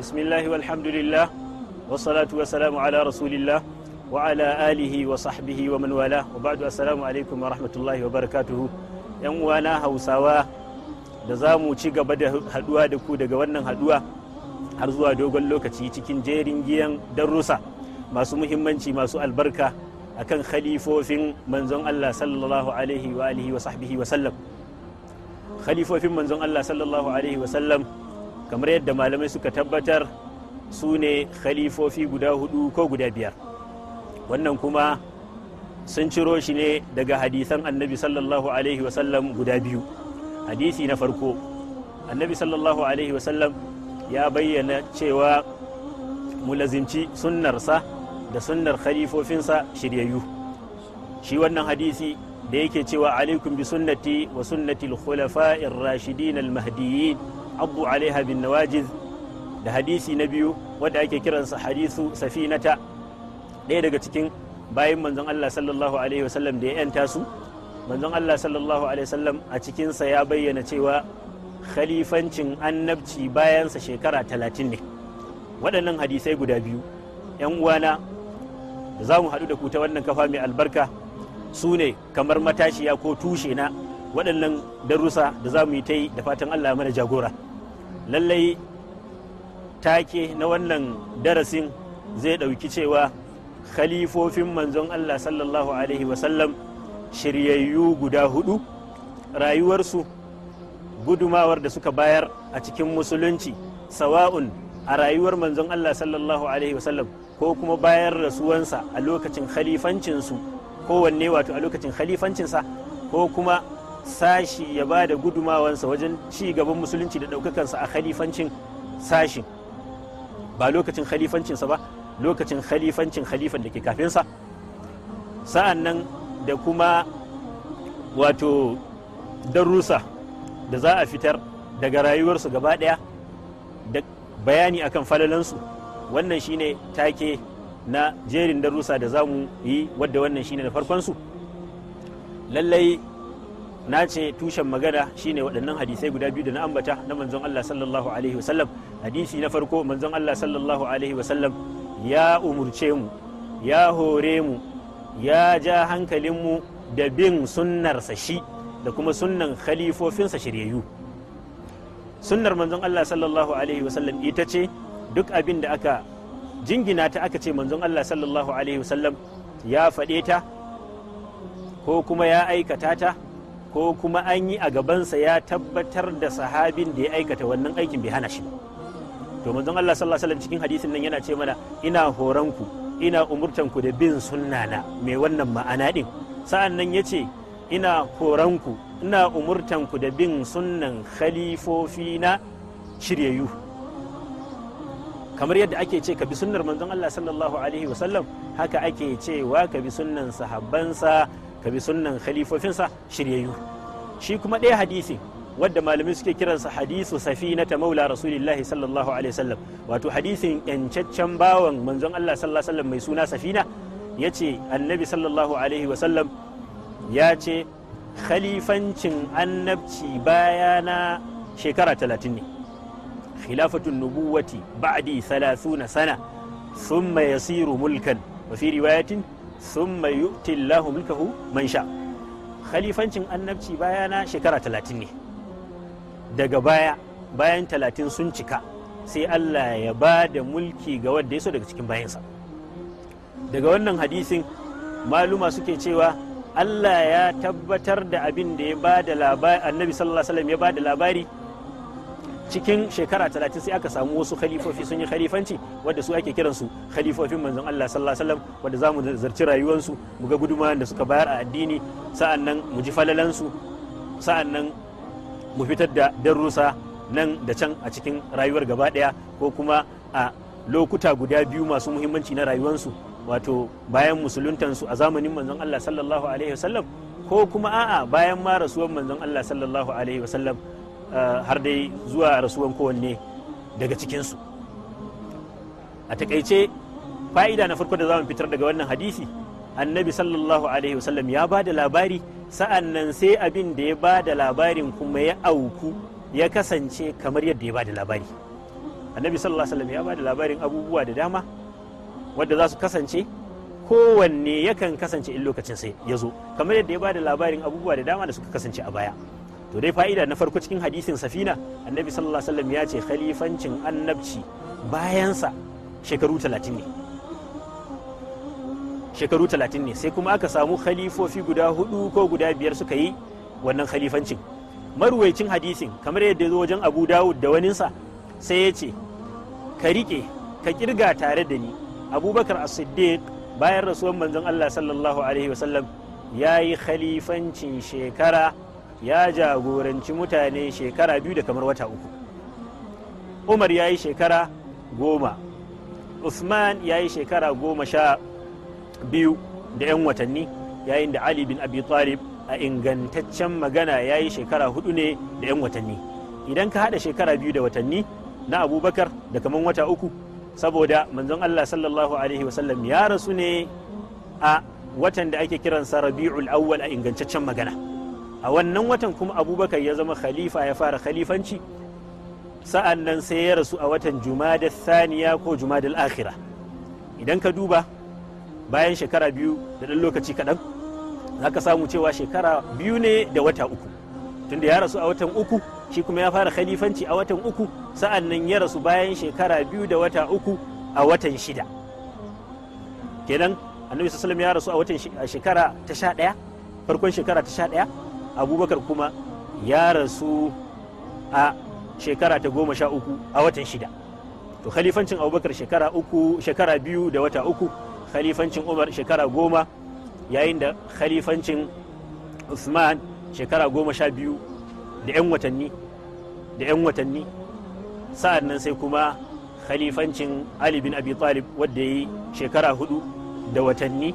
bismillahi walhamdulillah wa salamu ala rasulillah wa ala alihi wa sahbihi wa man wala wa ba'du assalamu alaikum wa rahmatullahi wa barakatuhu yan uwana hausawa da za mu ci gaba da haduwa da ku daga wannan haduwa har zuwa dogon lokaci cikin jerin giyan darussa masu muhimmanci masu albarka akan khalifofin manzon Allah sallallahu alaihi wa alihi wa sahbihi wa sallam khalifofin manzon Allah sallallahu alaihi wa sallam kamar yadda malamai suka tabbatar su ne khalifofi guda hudu ko guda biyar wannan kuma sun ciro shi ne daga hadisan annabi sallallahu alaihi wasallam guda biyu hadisi na farko annabi sallallahu alaihi wasallam ya bayyana cewa mulazimci sunnarsa da sunnar khalifofinsa shiryayyu shi wannan hadisi da yake cewa alaikum bi sunnati wa sunnati al-khulafa'ir rashidin al-mahdiyyin abu alaiha bin nawajiz da hadisi na biyu wanda ake kiransa hadisu safinata ɗaya daga cikin bayan manzon Allah sallallahu alaihi wasallam da ya yanta su manzon Allah sallallahu alaihi wasallam a cikinsa ya bayyana cewa khalifancin annabci bayansa shekara talatin ne waɗannan hadisai guda biyu yan uwana da za mu haɗu da ku ta wannan kafa mai albarka su ne kamar matashiya ko tushe na waɗannan darussa da za mu yi ta yi da fatan allah mana jagora lallai take na wannan darasin zai ɗauki cewa khalifofin manzon allah sallallahu alaihi wasallam shiryayyu guda hudu rayuwarsu gudumawar da suka bayar a cikin musulunci sawa'un a rayuwar manzon allah sallallahu alaihi wasallam ko kuma bayar rasuwansa a lokacin khalifancinsu kowanne wato a lokacin khalifancinsa ko kuma sashi ya ba da gudumawansa wajen ci gaban musulunci da ɗaukakansa a khalifancin sashi ba lokacin khalifancinsa ba lokacin khalifancin khalifan da ke kafinsa sa'an nan da kuma wato darussa da za a fitar daga rayuwarsu gaba ɗaya da bayani akan falalansu wannan shine take na jerin darusa da za mu yi wadda wannan shine na farkonsu lallai na ce tushen magana shine waɗannan hadisai guda biyu da na ambata na manzon Allah sallallahu alaihi wasallam hadisi na farko manzon Allah sallallahu alaihi wasallam ya umurce mu ya hore mu ya ja hankalin mu da bin sunnarsa shi da kuma sunnan khalifofinsa shiryayyu sunnar manzon Allah sallallahu alaihi wasallam ita ce duk abin da aka jingina ta aka ce manzon Allah sallallahu alaihi wasallam ya faɗe ta ko kuma ya aikata ta ko kuma an yi a gabansa ya tabbatar da sahabin da ya aikata wannan aikin bai hana shi ba to manzon Allah sallallahu alaihi cikin hadisin nan yana ce mana ina horan ku ina umurtan da bin sunnana mai wannan ma'ana din sa'an nan yace ina horan ku ina umurtan da bin sunnan khalifofi na shiryayyu kamar yadda ake ce ka bi sunnar manzon Allah sallallahu alaihi wasallam haka ake cewa ka bi sunnan sahabbansa ka bi sunnan khalifofinsa shiryayyu shi kuma ɗaya hadisi wadda malamai suke kiransa hadisu safina ta maula rasulillahi sallallahu alaihi wasallam wato hadisin yancaccen bawan manzon Allah sallallahu alaihi wasallam mai suna safina yace annabi sallallahu alaihi wasallam ya ce khalifancin annabci bayana shekara talatin ne khilafatun nubuwati ba'di 30 sana thumma yasiru mulkan wa fi riwayatin sun mai yu'ti lahu mulkahu man sha khalifancin annabci bayana shekara talatin ne daga baya bayan talatin sun cika sai Allah ya ba da mulki ga wanda ya so daga cikin bayansa daga wannan hadisin maluma suke cewa Allah ya tabbatar da abin da ya ba labari annabi sallallahu alaihi wasallam ya bada labari cikin shekara talatin sai aka samu wasu khalifofi sun yi khalifanci wanda su ake kiransu khalifofin manzon Allah sallallahu alaihi wasallam wanda za mu zarci rayuwarsu mu ga gudumawan da suka bayar a addini sa'an nan mu ji falalansu sa'an nan mu fitar da darussa nan da can a cikin rayuwar gaba daya ko kuma a lokuta guda biyu masu muhimmanci na rayuwarsu wato bayan musuluntansu a zamanin manzon Allah sallallahu alaihi wasallam ko kuma a'a bayan ma rasuwar manzon Allah sallallahu alaihi wasallam Eh, har dai zuwa rasuwan kowanne daga cikinsu a takaice fa'ida na farko da za mu fitar daga wannan hadisi annabi sallallahu alaihi wasallam ya ba da labari sa'an nan sai abin da ya ba da labarin kuma ya auku ya kasance kamar yadda ya ba da labari annabi sallallahu alaihi wasallam ya ba da labarin abubuwa da dama wadda za su kasance kowanne yakan kasance in lokacin sai ya zo kamar yadda ya ba da labarin abubuwa da dama da suka kasance a baya to dai fa'ida na farko cikin hadisin safina annabi sallallahu alaihi wasallam ya ce khalifancin annabci bayansa shekaru 30 ne shekaru 30 ne sai kuma aka samu khalifofi guda hudu ko guda biyar suka yi wannan khalifancin maruwaicin hadisin kamar yadda zo wajen abu dawud da waninsa sai ya ce ka rike ka kirga tare da ni abubakar as-siddiq bayan rasuwan manzon allah sallallahu alaihi wasallam ya yi khalifancin shekara ya jagoranci mutane shekara biyu da kamar wata uku umar ya yi shekara goma usman ya yi shekara goma sha biyu da 'yan watanni yayin da ali bin abi talib a ingantaccen magana ya yi shekara hudu ne da 'yan watanni idan ka haɗa shekara biyu da watanni na abubakar da kamar wata uku saboda manzon allah sallallahu alaihi wasallam ya rasu ne a watan da ake kiransa rabi'ul awwal a ingantaccen magana a wannan watan kuma abubakar ya zama khalifa ya fara khalifanci sa'an nan sai ya rasu a watan jumadar Saniya ko jumadar akhira idan ka duba bayan shekara biyu da ɗan lokaci kaɗan za ka samu cewa shekara biyu ne da wata uku tunda ya rasu a watan uku shi kuma ya fara khalifanci a watan uku sa'an nan ya rasu bayan shekara biyu da wata uku a watan shida kenan annabi sallallahu ya rasu a watan shekara ta sha farkon shekara ta sha abubakar kuma ya rasu a shekara ta goma sha uku a watan shida to khalifancin abubakar shekara uku shekara biyu da wata uku khalifancin umar shekara goma yayin da khalifancin usman shekara goma sha biyu da 'yan watanni da 'yan watanni sa'ad nan sai kuma khalifancin ali bin abi talib wadda ya yi shekara hudu da watanni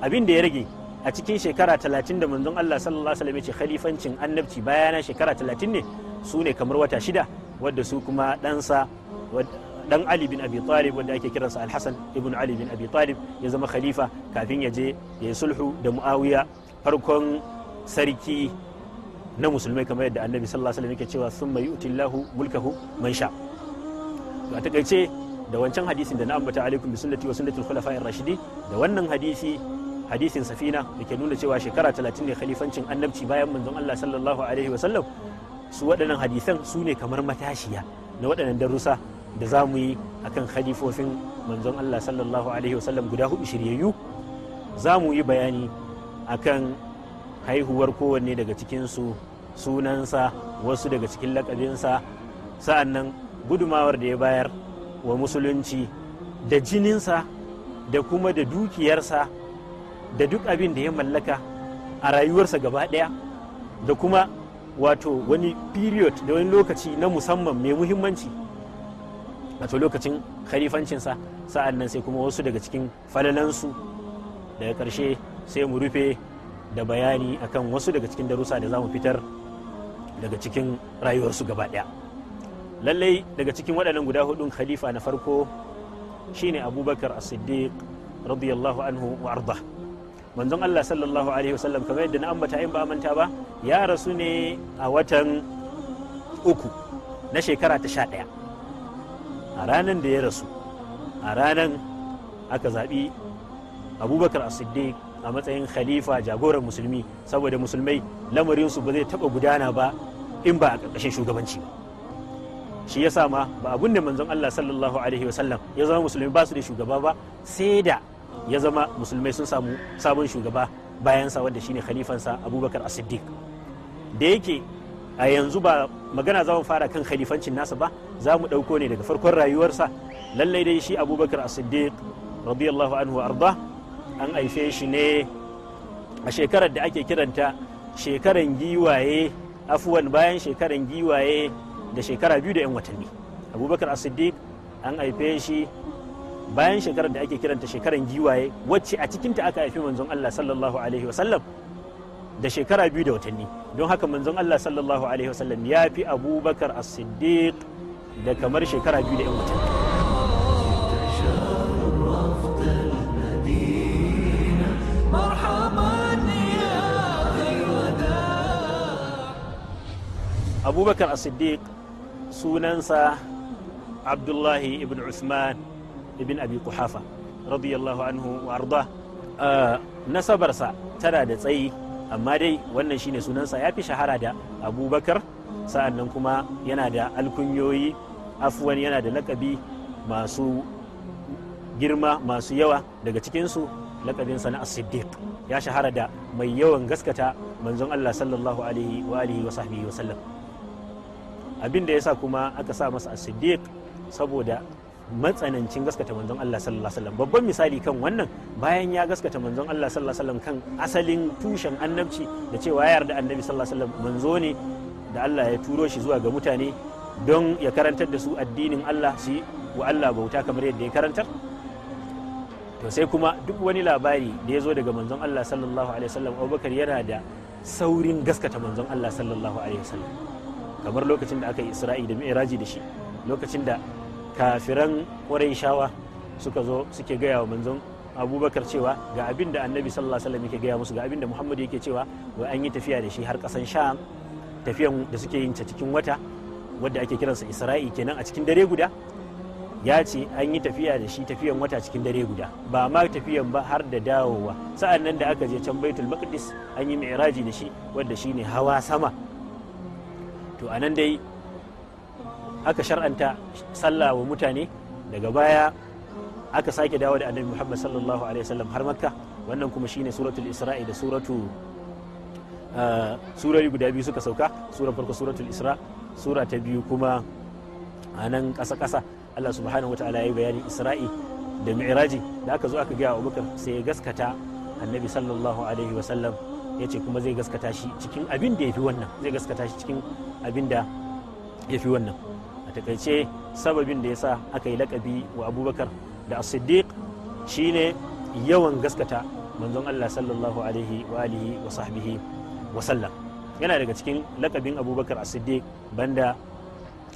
abin da ya rage a cikin shekara talatin da manzon Allah sallallahu alaihi wasallam ya ce khalifancin annabci bayana shekara talatin ne su ne kamar wata shida wadda su kuma ɗansa dan Ali bin Abi Talib wanda ake kiransa Al-Hasan ibn Ali bin Abi Talib ya zama khalifa kafin ya je ya sulhu da Muawiya farkon sarki na musulmai kamar yadda Annabi sallallahu alaihi wasallam yake cewa summa yu'tillahu mulkahu man sha a takaice da wancan hadisin da na ambata alaikum bi sunnati wa sunnatul khulafa'ir rashidi da wannan hadisi hadisin safina da ke nuna cewa shekara talatin ne khalifancin annabci bayan manzon Allah sallallahu alaihi wasallam su waɗannan hadisan su ne kamar matashiya na waɗannan darussa da za mu yi akan khalifofin manzon Allah sallallahu alaihi wasallam guda hudu shiryayyu za mu yi bayani akan haihuwar kowanne daga cikinsu sunansa wasu daga cikin lakabinsa sa'annan gudumawar da ya bayar wa musulunci da jininsa da kuma da dukiyarsa da duk abin da ya mallaka a rayuwarsa gaba ɗaya da kuma wato wani period da wani lokaci na musamman mai muhimmanci wato lokacin khalifancinsa sa'an nan sai kuma wasu daga cikin falalansu daga ƙarshe sai mu rufe da bayani akan wasu daga cikin darussa da za mu fitar daga cikin rayuwarsu gaba ɗaya lallai daga cikin waɗannan guda hudun khalifa na farko shine abubakar as-siddiq radiyallahu anhu wa arda manzon Allah sallallahu alaihi wasallam kamar yadda na ambata in ba manta ba ya rasu ne a watan uku na shekara ta sha ɗaya a ranar da ya rasu a ranar aka zaɓi abubakar a a matsayin khalifa jagoran musulmi saboda musulmai lamarinsu ba zai taɓa gudana ba in ba a ƙarƙashin shugabanci shi ya sa ma ba abun da manzon Allah sallallahu alaihi wasallam ya zama musulmi ba su da shugaba ba sai da ya zama musulmai sun samu sabon shugaba bayansa wanda shine khalifansa abubakar as-siddiq da yake a yanzu ba magana za mu fara kan khalifancin nasa ba za mu ɗauko ne daga farkon rayuwarsa lallai dai shi abubakar as-siddiq radiyallahu anhu arda an aife shi ne a shekarar da ake kiranta shekaran giwaye afuwan bayan shekaran giwaye da shekara biyu da 'yan watanni abubakar as-siddiq an aife shi bayan shekarar da ake kiranta shekaran giwaye wacce a cikinta aka haifi manzon Allah sallallahu alaihi wasallam da shekara biyu da watanni don haka manzon Allah sallallahu alaihi wasallam ya fi abubakar as-siddiq da kamar shekara biyu da yan watanni abubakar as-siddiq sunansa abdullahi ibn usman ibn abi kuhafa radiyallahu anhu wa arda ah, nasabarsa tana da tsayi amma dai wannan shine sunansa ya fi shahara da abubakar sa'an nan kuma yana da alkunyoyi afwan yana da lakabi masu girma masu yawa daga cikinsu lakabinsa na as-siddiq ya shahara da mai yawan gaskata manzon Allah sallallahu alaihi wa alihi wa sahbihi wa sallam abin da yasa kuma aka sa masa as-siddiq saboda matsanancin gaskata manzon Allah sallallahu alaihi wasallam babban misali kan wannan bayan ya gaskata manzon Allah sallallahu alaihi wasallam kan asalin tushen annabci da cewa ya yarda annabi sallallahu alaihi wasallam manzo ne da Allah ya turo shi zuwa ga mutane don ya karantar da su addinin Allah su wa Allah bauta kamar yadda ya karantar to sai kuma duk wani labari da ya zo daga manzon Allah sallallahu alaihi wasallam Abubakar yana da saurin gaskata manzon Allah sallallahu alaihi wasallam kamar lokacin da aka yi Isra'i da Mi'raji da shi lokacin da kafiran shawa suka zo suke gaya wa manzon abubakar cewa ga abin da annabi sallallahu alaihi wasallam yake gaya musu ga abin da muhammadu yake cewa wai an yi tafiya da shi har kasan sham tafiyan da suke yin ta cikin wata wadda ake kiransa isra'i kenan a cikin dare guda ya ce an yi tafiya da shi tafiyan wata cikin dare guda ba ma tafiyan ba har da dawowa sa'an nan da aka je can baitul maqdis an yi mi'raji da shi wadda shine hawa sama to anan dai aka shar'anta sallah wa mutane daga baya aka sake dawo da annabi muhammad sallallahu alaihi wasallam har makka wannan kuma shine suratul isra'i da suratu uh, surori guda biyu suka sauka sura farko suratul isra sura ta biyu kuma a nan ƙasa ƙasa allah subhanahu wataala ya yi bayanin isra'i da mi'raji da aka zo aka gaya wa bakar sai ya gaskata annabi sallallahu alaihi wasallam ya ce kuma zai gaskata shi cikin abin da ya fi wannan zai gaskata shi cikin abin da ya fi wannan a takaice sababin da ya sa aka yi lakabi wa abubakar da as shi shine yawan gaskata manzon allah sallallahu alaihi wa alihi wa sahbihi wa sallam yana daga cikin lakabin abubakar as banda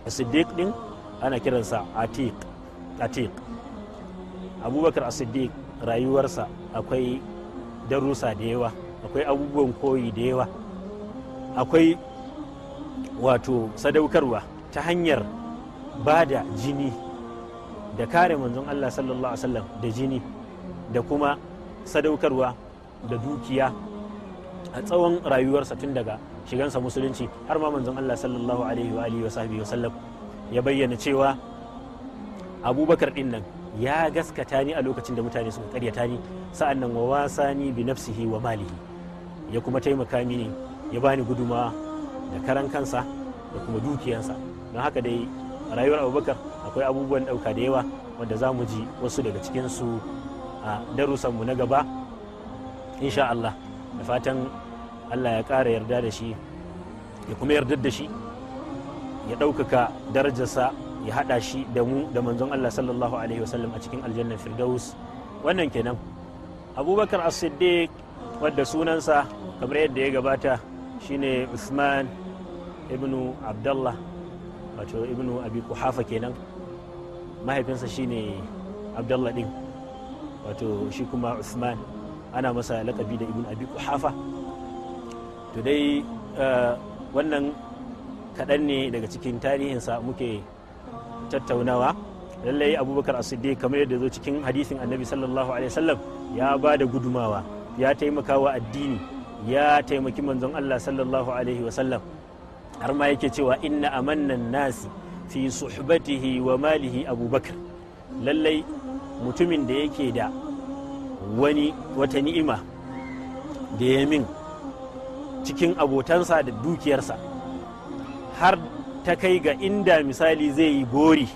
as ɗin din ana kiransa atiq atiq abubakar as rayuwarsa akwai darusa da yawa akwai abubuwan koyi da yawa akwai wato sadaukarwa ta hanyar ba da jini da kare manzon Allah sallallahu alaihi wasallam da jini da kuma sadaukarwa da dukiya a tsawon rayuwarsa tun daga shigansa musulunci har ma manzon Allah sallallahu alaihi wa alihi wa sallam ya bayyana cewa abubakar din nan ya gaskata ni a lokacin da mutane suka karyata ni sa'an nan wa wasani bi nafsihi wa malihi ya kuma taimaka mini ya bani gudumawa da karan kansa da kuma dukiyansa don haka dai a rayuwar abubakar akwai abubuwan ɗauka da yawa wanda za mu ji wasu daga cikinsu a darussanmu na gaba insha Allah da fatan Allah ya kara yarda da shi ya kuma yarda da shi ya ɗaukaka darajarsa ya haɗa shi da mu da manzon Allah sallallahu alaihi wasallam a cikin aljannar firdaus wannan kenan abubakar as-siddiq wadda sunansa kamar yadda ya gabata shine usman ibnu abdallah wato ibnu abi kuhafa kenan mahaifinsa shine abdallah din wato shi kuma usman ana masa lakabi da ibnu abi kuhafa to dai eh, wannan kaɗan ne daga cikin tarihinsa muke tattaunawa lallai abubakar as-siddiq kamar yadda zo cikin hadisin annabi sallallahu alaihi wasallam ya ba da gudumawa ya taimaka wa addini ya taimaki manzon allah sallallahu alaihi wasallam har ma yake cewa inna amannan nasi fi suhbatihi wa malihi abubakar lallai mutumin da yake da wani wata ni'ima da ya min cikin abotansa da dukiyarsa har ta kai ga inda misali zai yi gori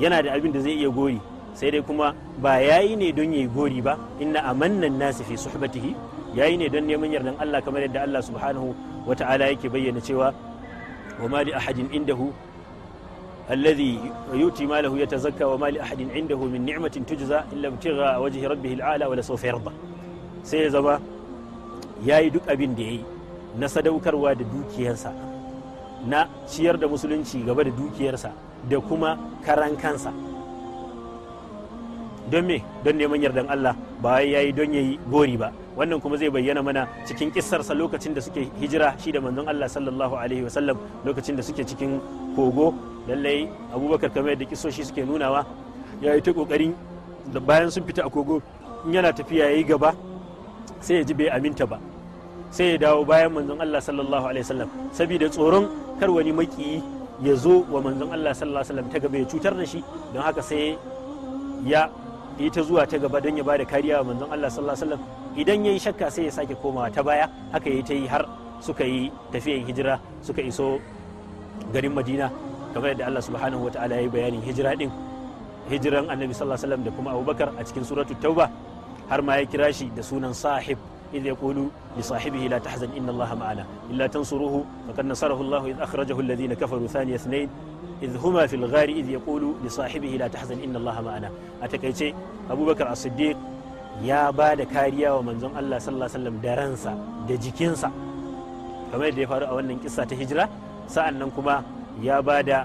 yana da abin da zai iya gori sai dai kuma ba ya yi ne don ya yi gori ba inna amannan nasi fi suhbatihi ya yi ne don neman yardan Allah kamar yadda Allah subhanahu wa ta'ala yake bayyana cewa وما لأحد عنده الذي يؤتي ماله يتزكى وما لأحد عنده من نعمة تجزى إلا ابتغاء وجه ربه الأعلى سوف يرضى sai ya zama ya yi duk abin da ya na sadaukarwa da dukiyarsa na ciyar da musulunci gaba da dukiyarsa da kuma karan kansa don me don neman yardan Allah ba ya yi don ya gori ba wannan kuma zai bayyana mana cikin kissarsa lokacin da suke hijira shi da manzon Allah sallallahu alaihi wasallam lokacin da suke cikin kogo lallai abubakar kamar yadda kisoshi suke nunawa ya yi ta kokarin da bayan sun fita a kogo in yana tafiya ya yi gaba sai ya ji bai aminta ba sai ya dawo bayan manzon Allah sallallahu alaihi wasallam saboda tsoron kar wani makiyi ya zo wa manzon Allah sallallahu alaihi wasallam ta gaba ya cutar da shi don haka sai ya yi ta zuwa ta gaba don ya bada kariya wa manzon Allah sallallahu alaihi wasallam idan ya yi shakka sai ya sake komawa ta baya haka ya ta yi har suka yi tafiyan hijira suka iso garin madina kamar yadda allah subhanahu wataala ya yi bayanin hijira din hijiran annabi sallallahu alaihi da kuma abubakar a cikin suratul tauba har ma ya kira shi da sunan sahib إذ يقول لصاحبه لا تحزن إن الله معنا إلا تنصروه فقد نصره الله إذ أخرجه الذين كفروا ثاني اثنين إذ هما في الغار إذ يقول لصاحبه لا تحزن إن الله معنا أتكيتي أبو بكر الصديق ya ba da kariya wa manzon Allah sallallahu alaihi wasallam da ransa da jikinsa kamar da ya faru a wannan kissa ta hijira sa'an nan kuma ya ba da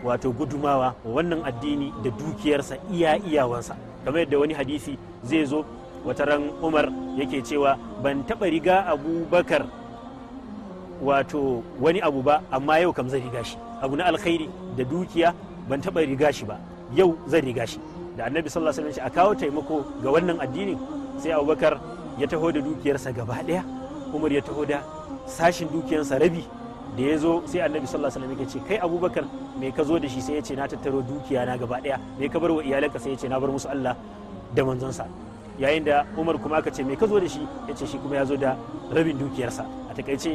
wato gudumawa wannan addini da dukiyarsa iya iyawansa kamar yadda wani hadisi zai zo wata ran umar yake cewa ban taɓa riga abubakar wato wani abu ba amma yau kam zai riga shi abu na alkhairi da dukiya ban taɓa riga shi ba yau zan riga shi da annabi sallallahu alaihi wasallam a kawo taimako ga wannan addinin sai abubakar ya taho da dukiyarsa gaba daya umar ya taho da sashin dukiyarsa rabi da ya zo sai annabi sallallahu alaihi wasallam ya ce kai abubakar me ka zo da shi sai ya ce na tattaro dukiya na gaba daya me ka bar wa iyalanka sai ya ce na bar musu Allah da manzonsa yayin da umar kuma aka ce me ka zo da shi ya ce shi kuma ya zo da rabin dukiyarsa a takaice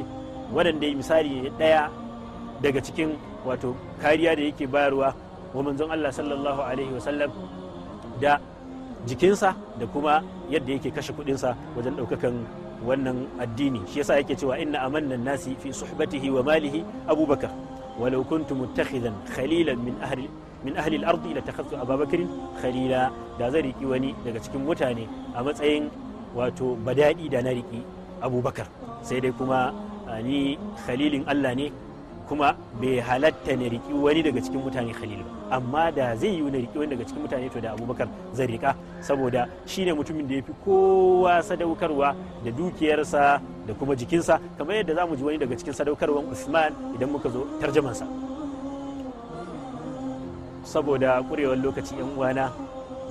waɗanda misali ɗaya daga cikin wato kariya da yake bayarwa wa manzon Allah sallallahu alaihi wasallam da jikinsa da kuma yadda yake kashe kudinsa wajen ɗaukakan wannan addini shi yasa yake cewa inna amanna nasi fi suhbatihi wa malihi abubakar walau kuntu muttakhidan khalilan min ahli min ahli al-ardi la ababakar khalila da zai riki wani daga cikin mutane a matsayin wato badadi da na riki abubakar sai dai kuma ni khalilin Allah ne kuma bai halatta na riki wani daga cikin mutane khalil ba amma da zai yi na riki wani daga cikin mutane to da abubakar zai riƙa saboda ne mutumin da ya fi kowa sadaukarwa da dukiyarsa da kuma jikinsa kamar yadda za mu ji wani daga cikin sadaukarwan usman idan muka zo tarjamansa saboda ƙurewar lokaci yan uwana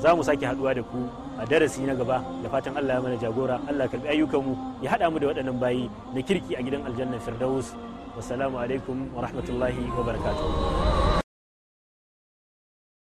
za mu sake haɗuwa da ku a darasi na gaba da fatan Allah ya mana jagora Allah karɓi ayyukanmu ya haɗa mu da waɗannan bayi na kirki a gidan aljannan Firdaus wasalamu alaikum wa rahmatullahi wa barakatuh